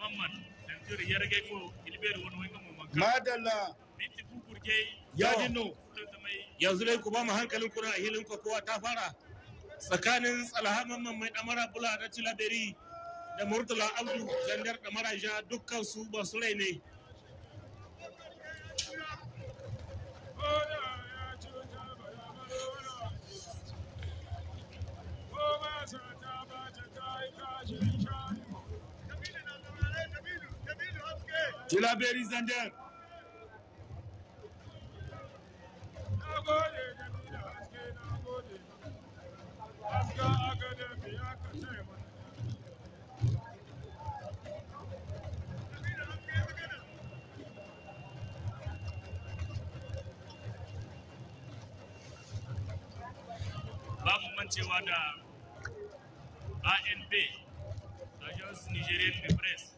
mamman nantir ko wani wani makar madalla ya yanzu dai ku ba mu hankalin kuna a hilin kokowa ta fara tsakanin tsalaha mamman mai damara bula da tilaberi da murtala abdu zandar damara ja dukkan su ba su rai ne Tilaberi Zander. Ba mu mancewa da ANB, Agence Nigerian de Presse.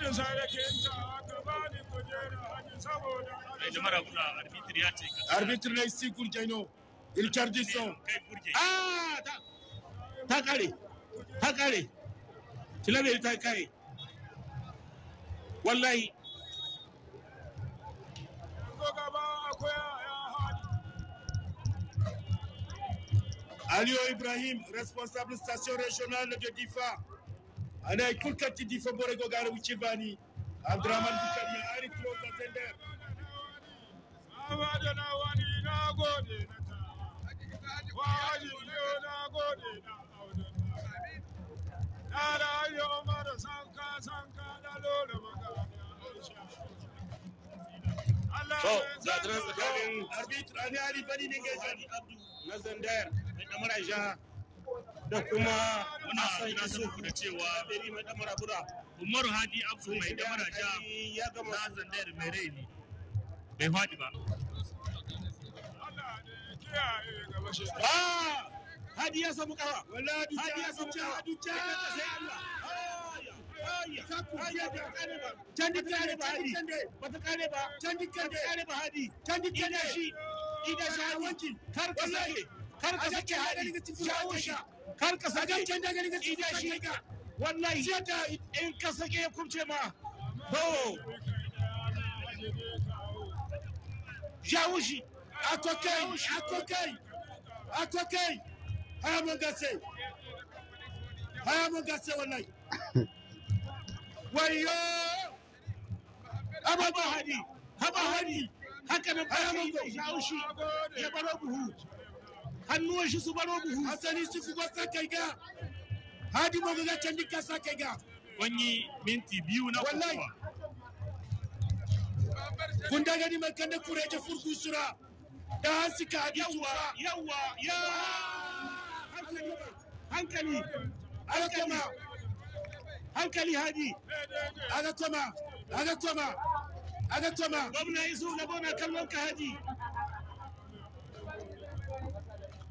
hajin ta saboda ai arbitri ya ce arbitri ah ta kare ta kare ta kare wallahi Ibrahim, responsable station régionale de Difa. anay kulkatti di fobore go gara wucce bani abdourahmane bukar ya ari trosa zender awajo na wani na gode na ta waji yo na gode na audo na da yo mar sanka sanka da lolo magana to zaɗin tsakanin arbitra ne ari bari ne ga abdu na zandar da maraja da kuma muna tunatar ku da cewa umaru hadi abu mai ja na zandar mai rai ne bai fadi ba ah! hadi ya samu kawa hadi ya samu kawa Candi kare ba hadi, candi kare ba hadi, candi kare shi, kar ka sake, kar ka sake hadi, shahawanci, Kar ka sake idan shi wallahi in ka sake ya ma bawo jawo shi haya mun haya mun wallahi wayo hadi haba hadi haka nan mun jawo shi ya baro buhu hannuwan shi su baro buhu asali su ku ga sake ga hadi ma ga can dika sa ga wani minti biyu na wallahi kun da gani mai kan da ta furku sura da hasika habituwa yawa ya hankali alakama hankali hadi alakama alakama alakama tama aga gwamna na bona kallon ka hadi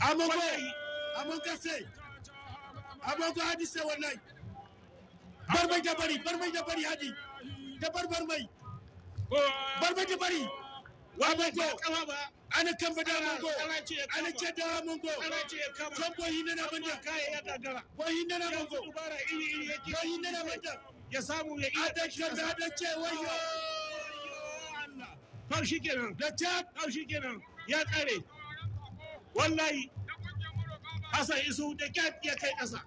agogo agogo sai agogo hadi sai wallahi bar mai da bari bar mai da bari hadi da bar bar mai bar mai da bari wa agogo ana kan bada agogo ana ce da agogo can boyi na na banda kaya ya gagara boyi na na agogo boyi ya samu ya iya da wayo Allah kenan da kenan ya tsare wallahi Hassan Isu da kyat ya kai kasa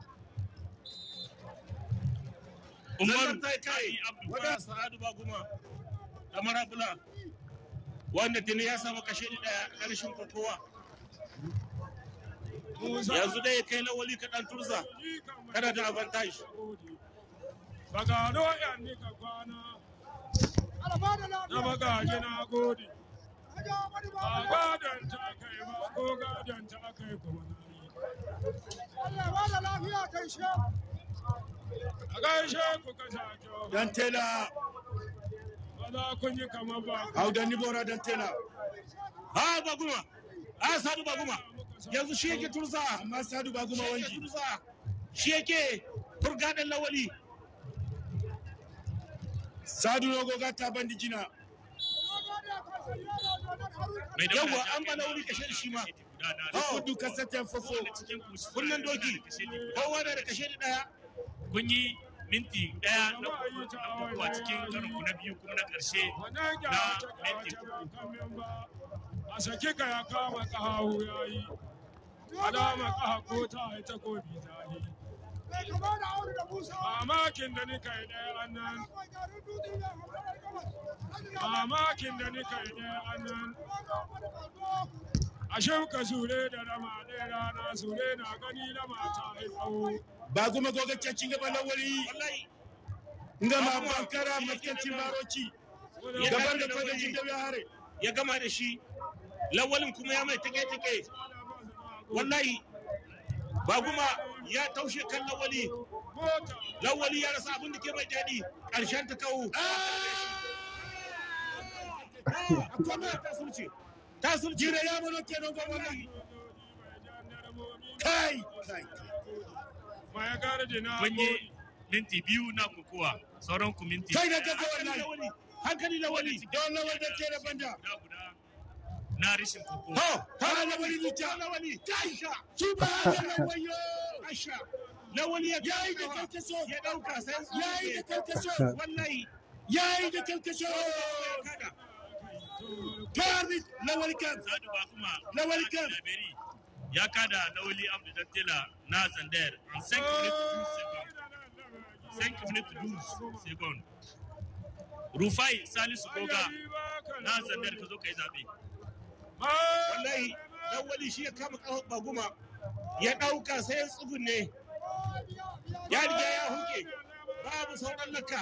Umar ta kai wadda Sa'adu ba kuma kamar abula wanda tuni ya samu kashe ni daya ƙarshen kokowa. Yanzu dai kai wali ka dan turza kada da advantage. no ya ni ka kwana. Da bagaje na gode. Ba Dan tela. Ba kun ni bora dan tela. Ha baguma. Ha sadu baguma. Yanzu shi yake turza. Amma sadu baguma wanki. Shi yake turga dan lawali. Sadu logo gata bandi jina. Yawwa an ba lawali kashe shi ma. kudu kasatan fofo kunnan doki kowa na da kashe da daya kun yi minti daya na a cikin karinku na biyu kuma na karshe na minti a sake ka ya kama kahawu ya yi alama kaha ko ta ta yi da nika yi daya annan mamakin da nika yi daya annan ka zure da rama da rana zure na gani da mata haifawo ba kuma gogagcaccin gaba lawali ngama bankara maskancin baroci gaban da fagajin da ya hare ya gama da shi lawalin kuma ya mai take-take wallahi ba kuma ya taushe kan lawali lawali ya rasa abin da ke mai daɗi ƙarshen ta kawo ah! Akwai ta sun tasir jira ya mano kenan ba wallahi kai kai ma ya gara da na banye minti biyu na kukuwa sauran ku minti kai da gaza wallahi hankali da wani da wannan wanda ke da banda na rishin kukuwa ha ha na wani ta na wani taisha subhanallah wayo asha na wani ya yayi da kake so ya dauka sai yayi da kake so wallahi yayi da kake so garbage lawal kam sadu ba kuma lawal kam ya kada lawali abdu dattila na zandayar in 5 minutes 12 secondes rufai salisu koga na zandayar ka zo ka yi zaɓe wallahi lawali shi ya kama kafar baguma ya ɗauka sai ya tsugunne ya riga ya huke babu sauran laka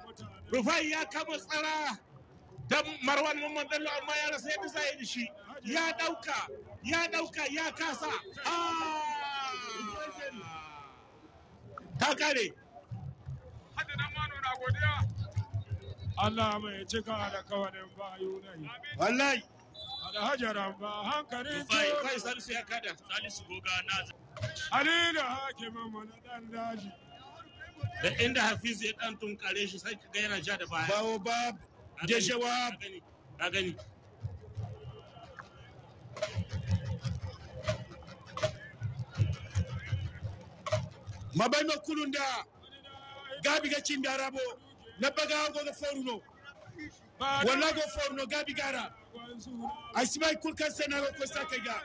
rufai ya kama tsara don marwan mamman dallo amma ya rasa yadda za yi shi ya ɗauka, ya ɗauka, ya kasa ah! ta kare na godiya. Allah mai cika da kawarin bayu nai. Wallahi. Alhajaran ba hankali Rufai, Kai Salisu ya kada. Salisu goga na. Alilu hakimin mu na dan daji. da inda hafiz ya dan tunkare shi sai ga yana ja da baya bawo ba da jawab ka gani mabaino kulunda gabi ga cin da rabo na baga go ga foruno wala go foruno gabi gara asibai kulkan na go ko sakaiga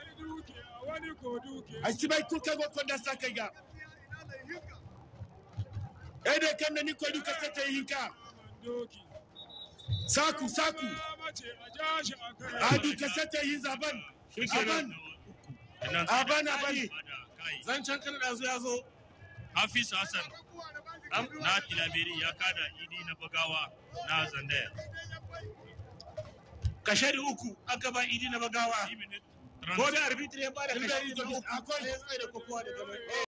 bai kulkan go ko da ga ede kanne ni koy duka ka sete yinka. saku saku adu ka sete yin zaban aban aban aban Zan kan da ya zo hafiz hassan na tilabiri ya kada idi na bagawa na zandaya kashe da uku aka ba idi na bagawa ko da arbitri ya ba da kashe da uku akwai da kokowa da gaba eh.